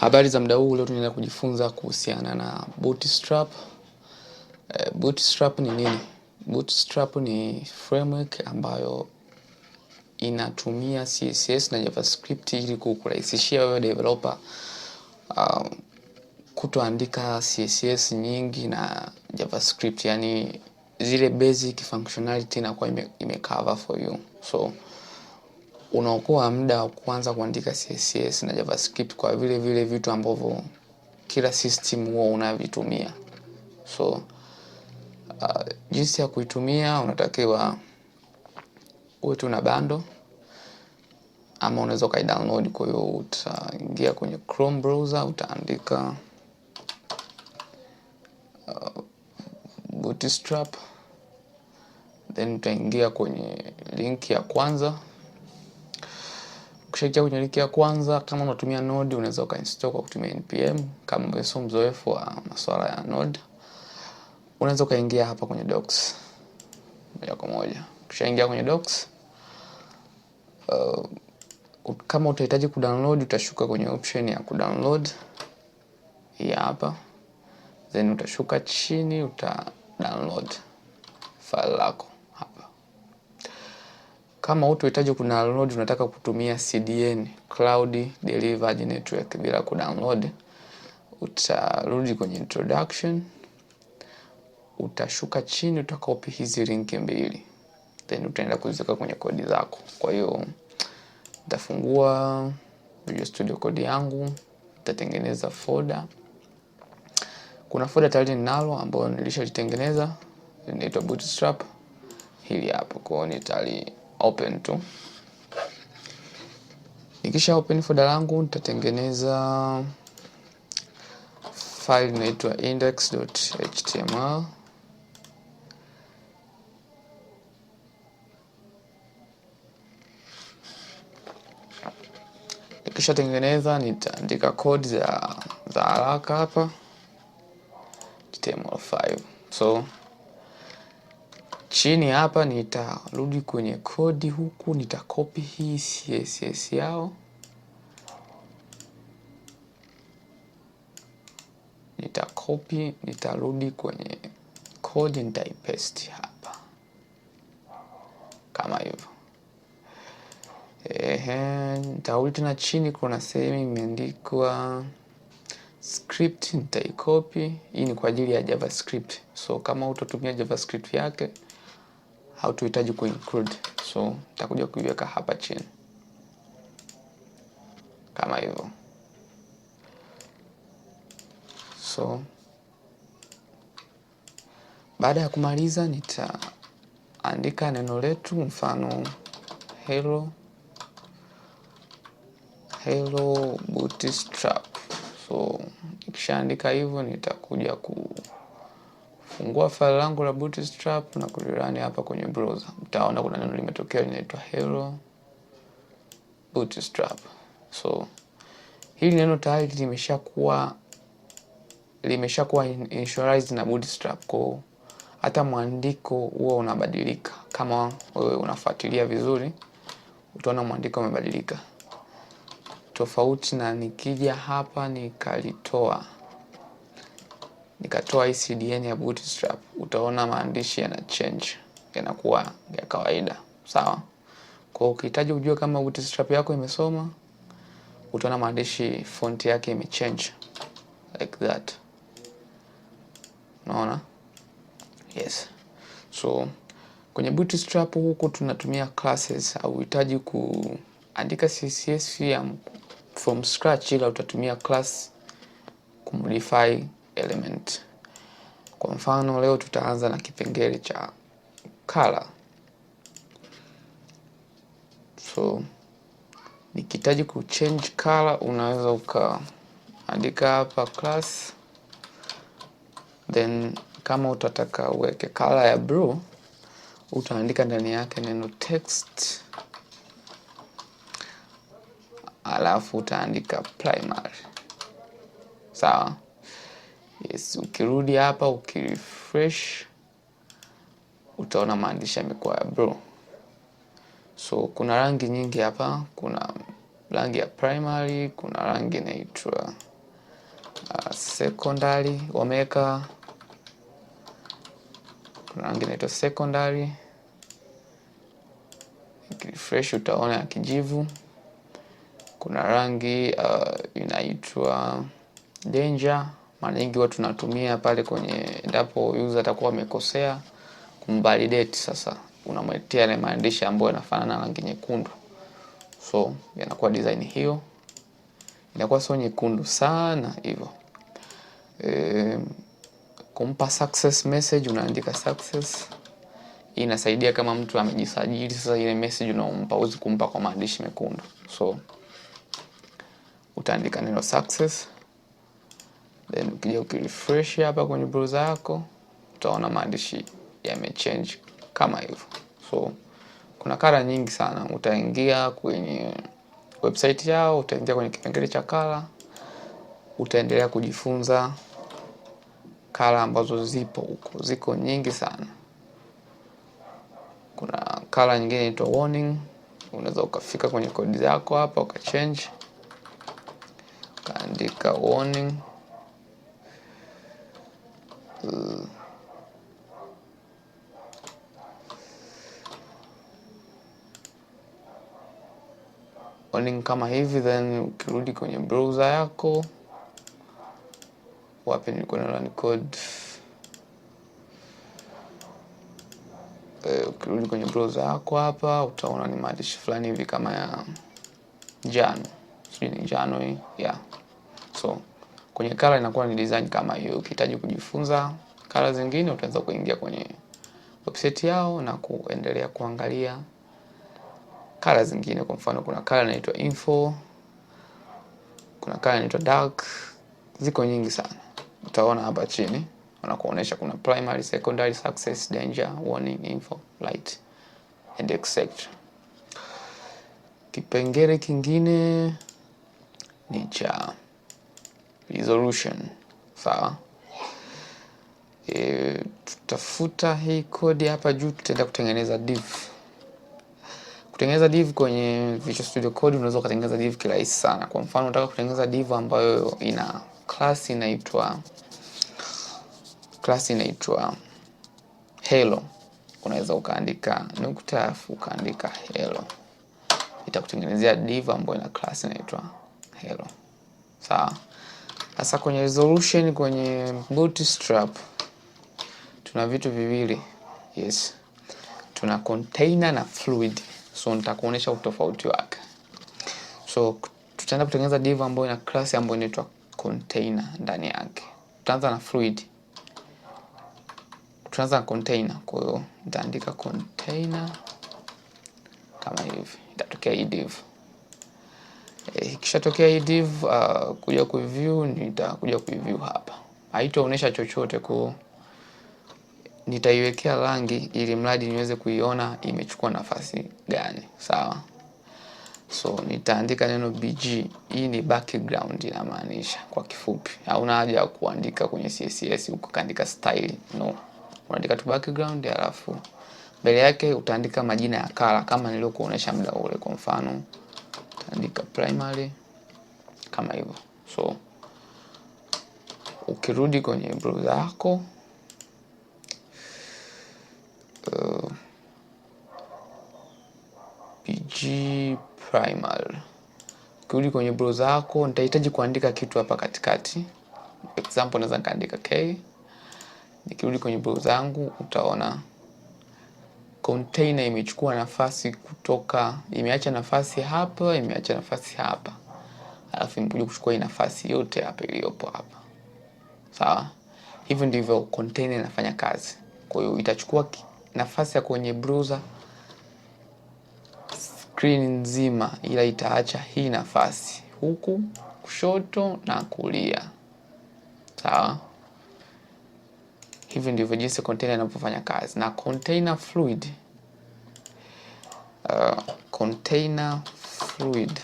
Habari za muda huu, leo tunaenda kujifunza kuhusiana na bootstrap. Eh, bootstrap ni nini? Bootstrap ni framework ambayo inatumia CSS na JavaScript ili kukurahisishia wewe developer um, kutoandika CSS nyingi na JavaScript, yani zile basic functionality inakuwa imecover ime for you so unaokoa muda wa kuanza kuandika CSS na JavaScript kwa vile vile vitu ambavyo kila system huwa unavitumia. So uh, jinsi ya kuitumia unatakiwa uwe tu na bando ama unaweza download. Kwa hiyo utaingia kwenye Chrome browser, utaandika uh, Bootstrap then utaingia kwenye link ya kwanza kwenye au ya kwanza, kama unatumia Node unaweza ukainstall kwa kutumia npm. Kama sio mzoefu wa masuala ya Node, unaweza ukaingia hapa kwenye docs moja kwa moja. Ukishaingia kwenye docs, uh, kama utahitaji kudownload utashuka kwenye option ya kudownload hii hapa, then utashuka chini uta download file lako. Kama hutohitaji download unataka kutumia CDN, Cloud Delivered Network bila kudownload, utarudi kwenye introduction, utashuka chini, utakopi hizi linki mbili, then utaenda kuziweka kwenye kodi zako. Kwa hiyo nitafungua Visual Studio Code yangu, nitatengeneza folder. Kuna folder tayari ninalo ambayo nilishalitengeneza, inaitwa Bootstrap, hili hapo, kwa hiyo nitali open tu. Nikisha open folder langu nitatengeneza file inaitwa index.html Nikishatengeneza nitaandika code za za haraka hapa HTML5 so chini hapa nitarudi kwenye kodi huku, nitakopi hii CSS yao nitakopi, nitarudi kwenye kodi, nitaipesti hapa kama hivyo. Ehe, nitarudi tena chini, kuna sehemu imeandikwa script, nitaikopi. Hii ni kwa ajili ya JavaScript, so kama utatumia JavaScript yake hautuhitaji include, so nitakuja kuiweka hapa chini kama hivyo. So baada ya kumaliza, nitaandika neno letu, mfano hello hello bootstrap. So nikishaandika hivyo nitakuja ku Fungua faili langu la Bootstrap na kulirani hapa kwenye browser. Mtaona kuna neno limetokea linaitwa hello Bootstrap. So hili neno tayari limeshakuwa limeshakuwa initialized na Bootstrap, kwa hata mwandiko huo unabadilika. Kama wewe unafuatilia vizuri, utaona mwandiko umebadilika, tofauti na nikija hapa nikalitoa nikatoa hii CDN ya Bootstrap, utaona maandishi yana change yanakuwa ya kawaida, sawa. Kwa ukihitaji ujue kama Bootstrap yako imesoma, utaona maandishi font yake imechange like that, unaona? Yes, so kwenye Bootstrap huku tunatumia classes, hauhitaji kuandika CSS from scratch, ila utatumia class kumodify element. Kwa mfano leo tutaanza na kipengele cha color. So nikihitaji change color, unaweza ukaandika hapa class, then kama utataka uweke color ya blue, utaandika ndani yake neno text, alafu utaandika primary. Sawa. Yes, ukirudi hapa ukirefresh utaona maandishi yamekuwa ya blue. So kuna rangi nyingi hapa, kuna rangi ya primary, kuna rangi inaitwa uh, secondary wameweka, kuna rangi inaitwa secondary. Ukirefresh utaona ya kijivu. Kuna rangi uh, inaitwa danger mara nyingi huwa tunatumia pale kwenye, endapo user atakuwa amekosea kumvalidate. Sasa unamwetea ile maandishi ambayo yanafanana na rangi nyekundu, so yanakuwa design hiyo inakuwa sio nyekundu sana hivyo. E, kumpa success message, unaandika success. Hii inasaidia kama mtu amejisajili, sasa ile message unaompa uzi kumpa kwa maandishi mekundu, so utaandika neno success. Then ukija ukirefresh hapa kwenye browser yako utaona maandishi yamechange kama hivyo. So kuna kala nyingi sana, utaingia kwenye website yao, utaingia kwenye kipengele cha kala, utaendelea kujifunza kala ambazo zipo huko, ziko nyingi sana. Kuna kala nyingine inaitwa warning, unaweza ukafika kwenye kodi zako hapa ukachange ukaandika warning Mm. Warning kama hivi, then ukirudi kwenye browser yako, wapi nilikuwa na run code eh, ukirudi kwenye browser yako hapa, utaona ni maandishi fulani hivi kama ya njano, sijui ni njano hii, yeah so Kwenye kala inakuwa ni design kama hiyo. Ukihitaji kujifunza kala zingine, utaweza kuingia kwenye website yao na kuendelea kuangalia kala zingine. Kwa mfano, kuna kala inaitwa info, kuna kala inaitwa dark, ziko nyingi sana. Utaona hapa chini wanakuonesha kuna primary, secondary, success, danger, warning, info, light and etc. Kipengele kingine ni cha resolution sawa. E, tutafuta hii kodi hapa juu, tutaenda kutengeneza div. Kutengeneza div kwenye Visual Studio Code unaweza ukatengeneza div kirahisi sana. Kwa mfano, unataka kutengeneza div ambayo ina class inaitwa class inaitwa hello, unaweza ukaandika nukta afu ukaandika hello, itakutengenezea div ambayo ina class inaitwa hello, sawa hasa kwenye resolution kwenye bootstrap tuna vitu viwili yes, tuna container na fluid, so nitakuonesha utofauti wake. So tutaenda kutengeneza div ambayo ina class ambayo inaitwa container ndani yake. Tutaanza na fluid, tutaanza na container. Kwa hiyo nitaandika container kama hivi, itatokea hii div Eh, ikishatokea hii div uh, kuja kuiview, nitakuja kuiview hapa, haitaonesha chochote ku nitaiwekea rangi ili mradi niweze kuiona imechukua nafasi gani. Sawa, so nitaandika neno bg. Hii ni background inamaanisha kwa kifupi, hauna haja ya kuandika kwenye CSS huko kaandika style, no, unaandika tu background, alafu mbele yake utaandika majina ya kala kama nilivyokuonesha muda ule, kwa mfano andika primary kama hivyo. So ukirudi kwenye browser yako pg primary, ukirudi kwenye browser yako nitahitaji kuandika kitu hapa katikati. Example naweza nikaandika k. Nikirudi kwenye browser yangu utaona container imechukua nafasi kutoka, imeacha nafasi hapa, imeacha nafasi hapa, alafu imekuja kuchukua hii nafasi yote hapa iliyopo hapa. Sawa, hivyo ndivyo container inafanya kazi. Kwa hiyo itachukua nafasi ya kwenye browser screen nzima, ila itaacha hii nafasi huku kushoto na kulia. Sawa. Hivi ndivyo jinsi container inavyofanya kazi na container fluid. Uh, container fluid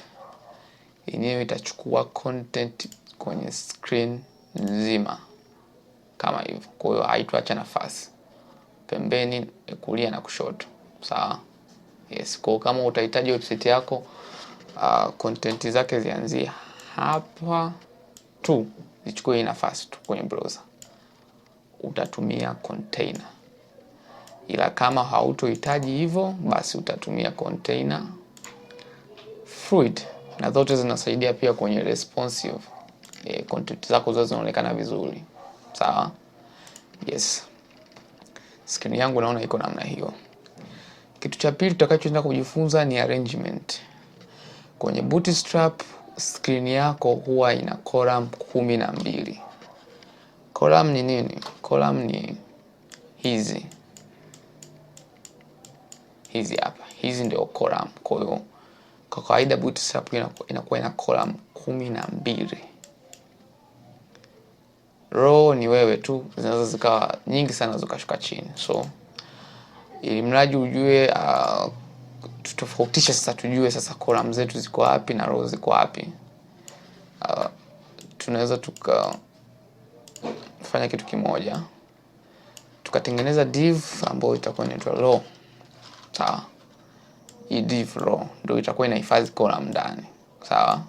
yenyewe itachukua content kwenye screen nzima kama hivyo, kwa hiyo haituacha nafasi pembeni, kulia na kushoto, sawa? Yes, kwa kama utahitaji website yako uh, content zake zianzie hapa tu, zichukue nafasi tu kwenye browser utatumia container, ila kama hautohitaji hivyo, basi utatumia container fluid, na zote zinasaidia pia kwenye responsive e, content zako zote zinaonekana vizuri. Sawa, yes. screen yangu naona iko namna hiyo. Kitu cha pili tutakachoenda kujifunza ni arrangement. Kwenye Bootstrap screen yako huwa ina column kumi na mbili. Column ni nini? Column hizi hizi hapa, hizi ndio column. Kwa hiyo kwa kawaida bootstrap inakuwa ina column kumi na mbili. Row ni wewe tu, zinaweza zikawa nyingi sana zikashuka chini, so ili mradi ujue uh, ah, tutofautisha sasa, tujue sasa column zetu ziko wapi na row ziko wapi. Uh, tunaweza tuka kufanya kitu kimoja, tukatengeneza div ambayo itakuwa inaitwa row. Sawa, hii div row ndio itakuwa inahifadhi column ndani. Sawa,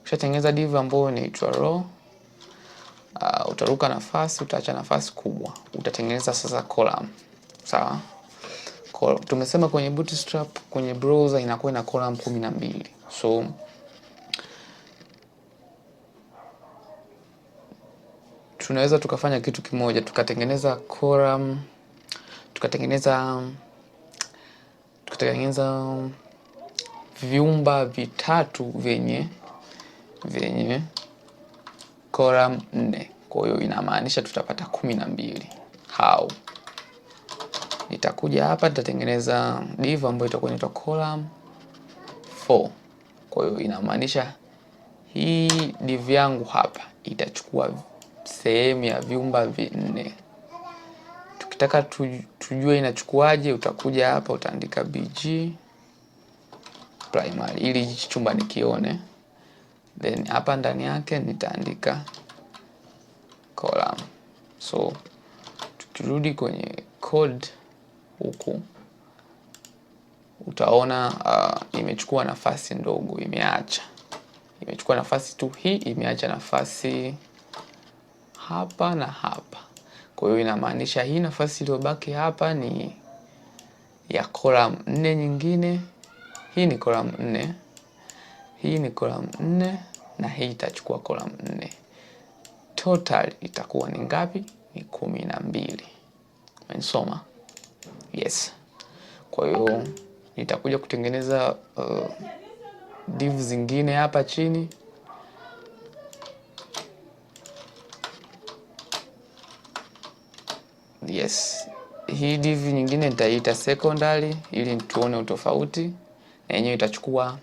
ukishatengeneza div ambayo inaitwa row Uh, utaruka nafasi, utaacha nafasi kubwa, utatengeneza sasa column. Sawa, tumesema kwenye Bootstrap, kwenye browser inakuwa ina column kumi na mbili so tunaweza tukafanya kitu kimoja, tukatengeneza koram, tukatengeneza tukatengeneza vyumba vitatu vyenye vyenye koram nne. Kwa hiyo inamaanisha tutapata kumi na mbili. How? Nitakuja hapa nitatengeneza div ambayo itakuwa inaitwa koram 4. Kwa hiyo inamaanisha hii div yangu hapa itachukua sehemu ya vyumba vinne. Tukitaka tujue inachukuaje, utakuja hapa utaandika BG primary ili chumba nikione, then hapa ndani yake nitaandika column. So tukirudi kwenye code huku utaona uh, imechukua nafasi ndogo, imeacha imechukua nafasi tu hii, imeacha nafasi hapa na hapa. Kwa hiyo inamaanisha hii nafasi iliyobaki hapa ni ya column nne nyingine. Hii ni column nne, hii ni column nne na hii itachukua column nne. Total itakuwa ni ngapi? Ni kumi na mbili. Umenisoma? Yes. Kwa hiyo nitakuja kutengeneza uh, div zingine hapa chini. Yes, hii dv nyingine nitaiita secondary ili tuone utofauti, na yenyewe itachukua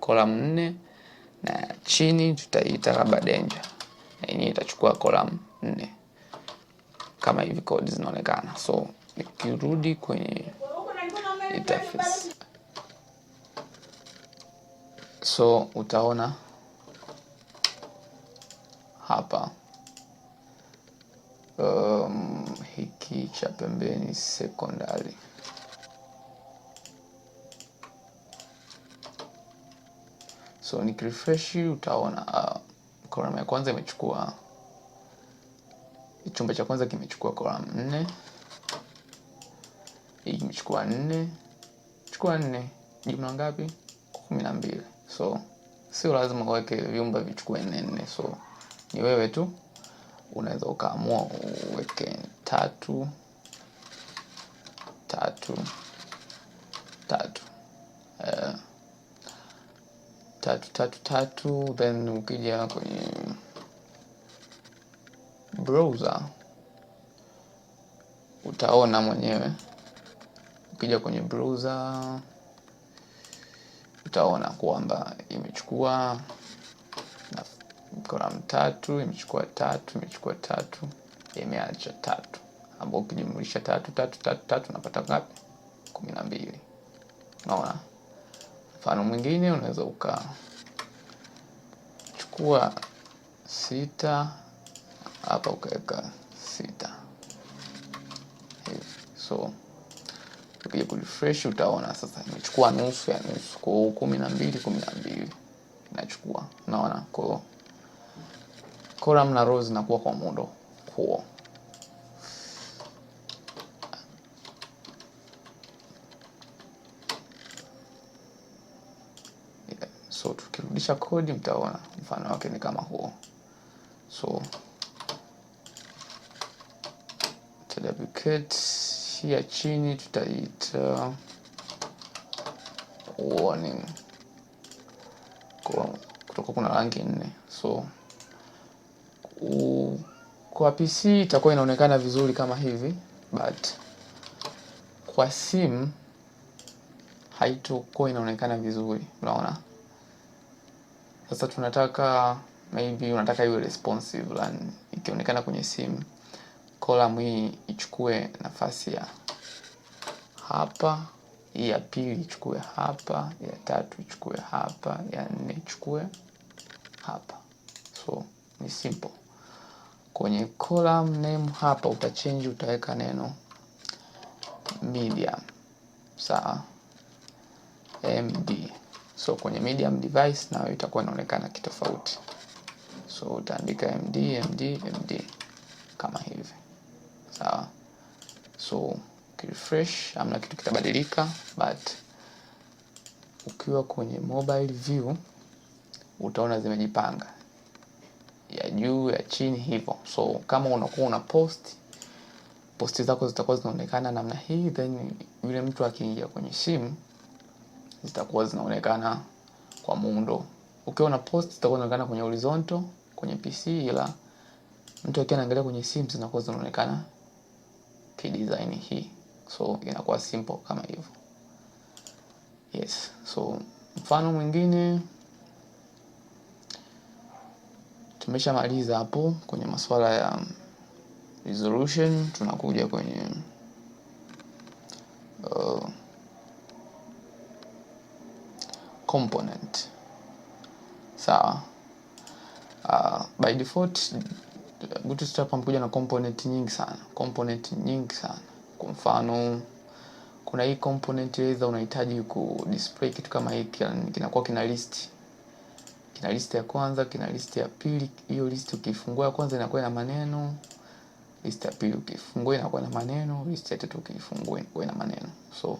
column nne, na chini tutaiita labda danger, na yenyewe itachukua column nne kama hivi code zinaonekana. So nikirudi kwenye interface, so utaona hapa um, hiki cha pembeni sekondari. So nikirefresh utaona column ah, ya kwanza imechukua, chumba cha kwanza kimechukua column nne, hii kimechukua nne, chukua nne, jumla ngapi? kumi na mbili. So sio lazima uweke vyumba vichukue nne nne, so ni wewe tu unaweza ukaamua uweke tatu tatu tatu eh, tatu tatu tatu, then ukija kwenye browser utaona mwenyewe. Ukija kwenye browser utaona kwamba imechukua kalamu tatu, imechukua tatu, imechukua tatu, imeacha tatu, ambao ukijumlisha tatu tatu tatu tatu unapata ngapi? kumi na mbili. Unaona, mfano mwingine unaweza ukachukua sita hapa ukaweka sita hivi, so ukija kurefresh utaona sasa imechukua nusu ya nusu, kwa kumi na mbili kumi na mbili inachukua. Unaona, kwa hiyo column na rows zinakuwa kwa muundo huo. So tukirudisha kodi mtaona mfano wake ni kama huo. So taduplicate ya chini tutaita warning, kwa kutoka kuna rangi nne so kwa PC itakuwa inaonekana vizuri kama hivi, but kwa simu haitokuwa inaonekana vizuri, unaona. Sasa tunataka maybe unataka iwe responsive, lan ikionekana kwenye simu column hii ichukue nafasi ya hapa, hii ya pili ichukue hapa, ya tatu ichukue hapa, ya nne ichukue hapa. So ni simple. Kwenye column name hapa utachange, utaweka neno medium sawa, md. So kwenye medium device nayo itakuwa inaonekana kitofauti, so utaandika md md md kama hivi sawa. So ukirefresh, amna kitu kitabadilika, but ukiwa kwenye mobile view utaona zimejipanga juu ya chini hivyo. So kama unakuwa una post posti zako zitakuwa zinaonekana namna hii, then yule mtu akiingia kwenye simu zitakuwa zinaonekana kwa muundo. Ukiwa una post zitakuwa zinaonekana kwenye horizontal kwenye PC, ila mtu akiwa anaangalia kwenye simu zinakuwa zinaonekana kidesign hii. So inakuwa simple kama hivyo. Yes, so mfano mwingine Tumeshamaliza hapo kwenye masuala ya um, resolution, tunakuja kwenye uh, component sawa. Uh, by default Bootstrap amekuja na component nyingi sana, component nyingi sana. Kwa mfano kuna hii component either unahitaji ku display kitu kama hiki, kinakuwa kina list kina listi ya kwanza, kina listi ya pili. Hiyo listi ukifungua ya kwanza inakuwa na maneno, listi ya pili ukifungua inakuwa na maneno, listi ya tatu ukifungua inakuwa na maneno. So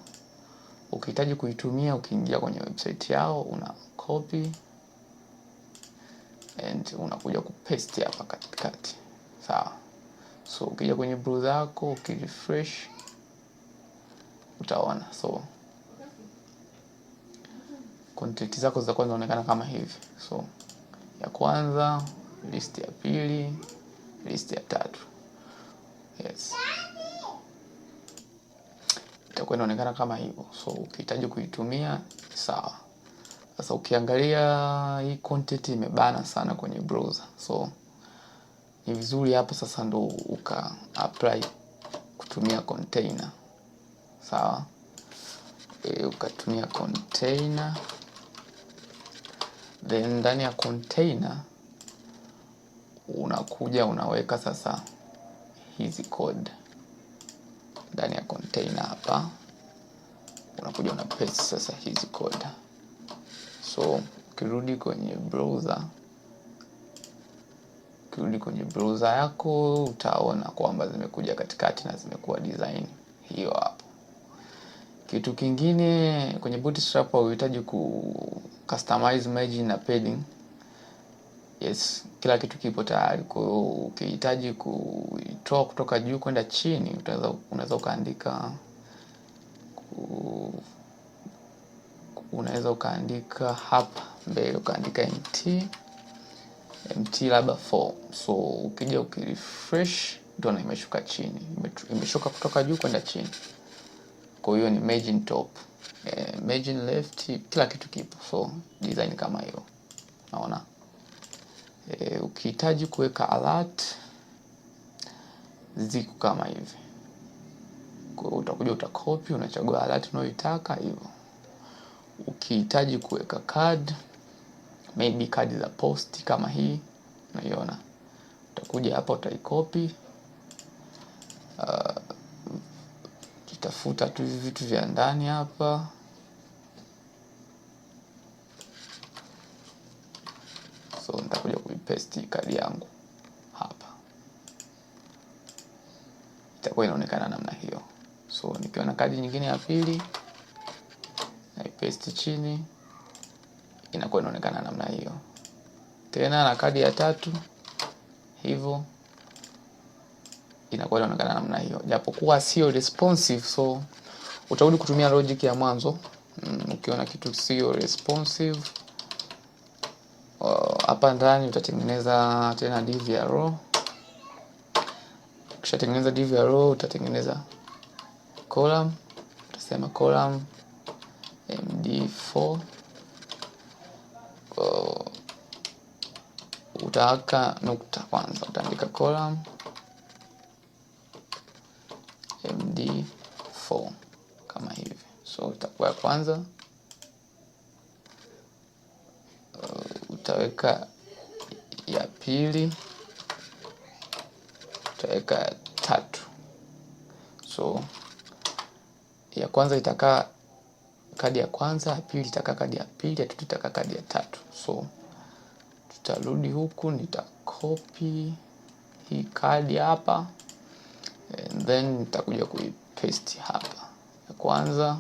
ukihitaji kuitumia, ukiingia kwenye website yao una copy and unakuja kupaste hapa katikati, sawa. So ukija kwenye browser yako ukirefresh utaona so contract zako zitakuwa zinaonekana kama hivi. So ya kwanza, list ya pili, list ya tatu. Yes, itakuwa inaonekana kama hivyo. So ukihitaji kuitumia sawa. Sasa ukiangalia hii content imebana sana kwenye browser, so ni vizuri hapo sasa ndo uka apply kutumia container sawa. E, ukatumia container then ndani ya container unakuja unaweka sasa hizi code ndani ya container hapa, unakuja una paste sasa hizi code. So ukirudi kwenye browser, ukirudi kwenye browser yako utaona kwamba zimekuja katikati na zimekuwa design hiyo hapo. Kitu kingine kwenye Bootstrap hauhitaji ku customize margin na padding. Yes, kila kitu kipo tayari. Kwa hiyo ukihitaji kuitoa kutoka juu kwenda chini, utaweza unaweza ukaandika unaweza ukaandika hapa mbele ukaandika mt mt labda 4. So ukija ukirefresh, ndio imeshuka chini, imeshuka kutoka juu kwenda chini. Kwa hiyo ni margin top eh, margin left, kila kitu kipo, so design kama hiyo naona. Eh, ukihitaji kuweka alert ziko kama hivi, kwa utakuja utakopi, unachagua alert unayoitaka hivyo. Ukihitaji kuweka card, maybe card za post kama hii, unaiona, utakuja hapa utaikopi uh, tafuta tu hivi vitu vya ndani hapa so nitakuja kuipesti kadi yangu hapa, itakuwa inaonekana namna hiyo. So nikiwa na kadi nyingine ya pili naipesti chini, inakuwa inaonekana namna hiyo, tena na kadi ya tatu hivyo inakuwa inaonekana namna hiyo, japokuwa sio responsive. So utarudi kutumia logic ya mwanzo mm, ukiona kitu sio responsive uh, hapa uh, ndani utatengeneza tena div ya row. Ukishatengeneza div ya row utatengeneza column, utasema column md4 uh, utaweka nukta kwanza, utaandika column MD4 kama hivi, so utakuwa ya kwanza uh, utaweka ya pili, utaweka ya tatu. So ya kwanza itakaa kadi ya kwanza, ya pili itakaa kadi ya pili, ya tatu itakaa kadi ya tatu. So tutarudi huku, nitakopi hii kadi hapa and eh, then nitakuja kuipaste hapa, ya kwanza,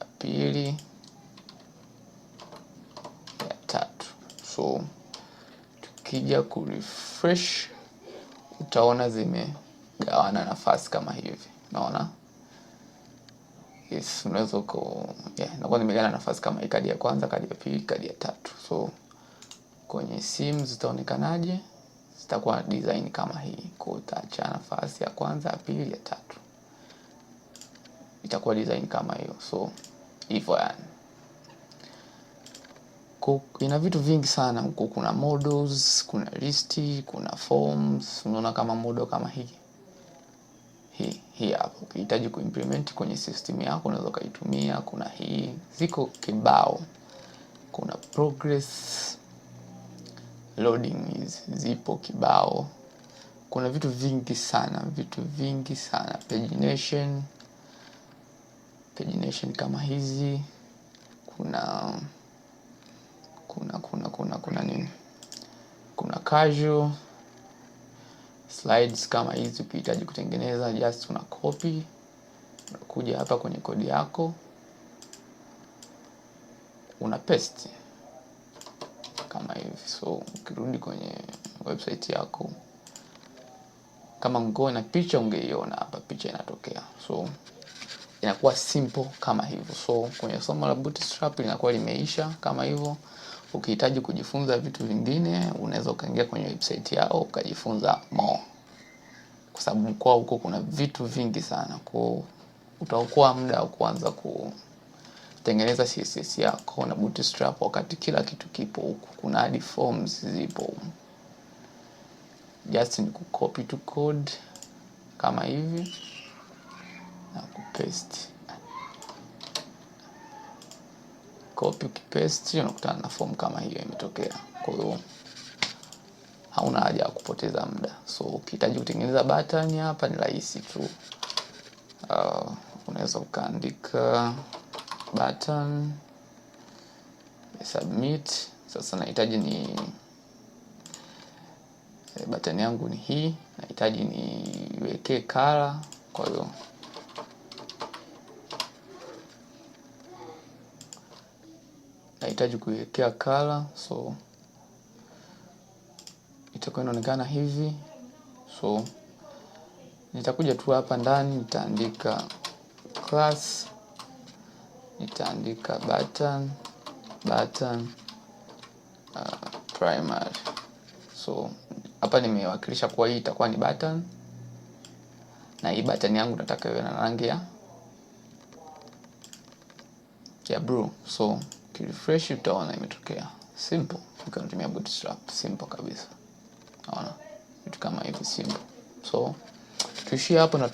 ya pili, ya tatu. So tukija refresh utaona zimegawana nafasi kama hivi, unaona yes, unaweza ku yeah, nakuwa nimegawana nafasi kama hii, kadi ya kwanza, kadi ya pili, kadi ya tatu. So kwenye simu zitaonekanaje? itakuwa design kama hii, kwa utaacha nafasi ya kwanza ya pili ya tatu, itakuwa design kama hiyo. So hivyo yani ina vitu vingi sana huko, kuna models, kuna list, kuna forms. Unaona kama model kama hii hii hii hapo, ukihitaji kuimplement kwenye system yako unaweza ukaitumia. Kuna hii ziko kibao, kuna progress loading zipo kibao. Kuna vitu vingi sana, vitu vingi sana, pagination, pagination kama hizi. Kuna kuna kuna kuna kuna nini, kuna casual slides kama hizi. Ukihitaji kutengeneza just una copy, unakuja hapa kwenye kodi yako una paste kama hivi. So ukirudi kwenye website yako, kama ungekuwa na picha ungeiona hapa, picha inatokea. So inakuwa simple kama hivyo. So kwenye somo la bootstrap linakuwa limeisha kama hivyo. Ukihitaji kujifunza vitu vingine, unaweza ukaingia kwenye website yao ukajifunza more, kwa sababu mkoa huko kuna vitu vingi sana, kwa utaokoa muda wa kuanza ku tengeneza CSS yako na bootstrap wakati kila kitu kipo huku. Kuna hadi forms zipo, just ni kucopy to code kama hivi na kupaste. Copy ukipaste, unakutana na form kama hiyo imetokea. Kwa hiyo hauna haja ya kupoteza muda. So ukihitaji kutengeneza button hapa ni rahisi tu, uh, unaweza ukaandika button submit. Sasa nahitaji ni eh, button yangu ni hii, nahitaji niwekee kala, kwa hiyo nahitaji kuiwekea kala, so itakuwa inaonekana hivi. So nitakuja tu hapa ndani nitaandika class nitaandika button button uh, primary. So hapa nimewakilisha kuwa hii itakuwa ni button na hii button yangu nataka iwe na rangi ya ya blue. So kirefresh utaona imetokea simple. Tunatumia bootstrap simple kabisa, naona vitu kama hivi simple. So tuishie hapo na